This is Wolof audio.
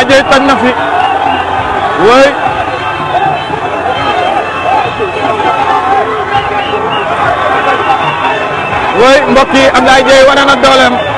Njaay toj na fi woy woy mbokk yi am Njaay wane na dooleem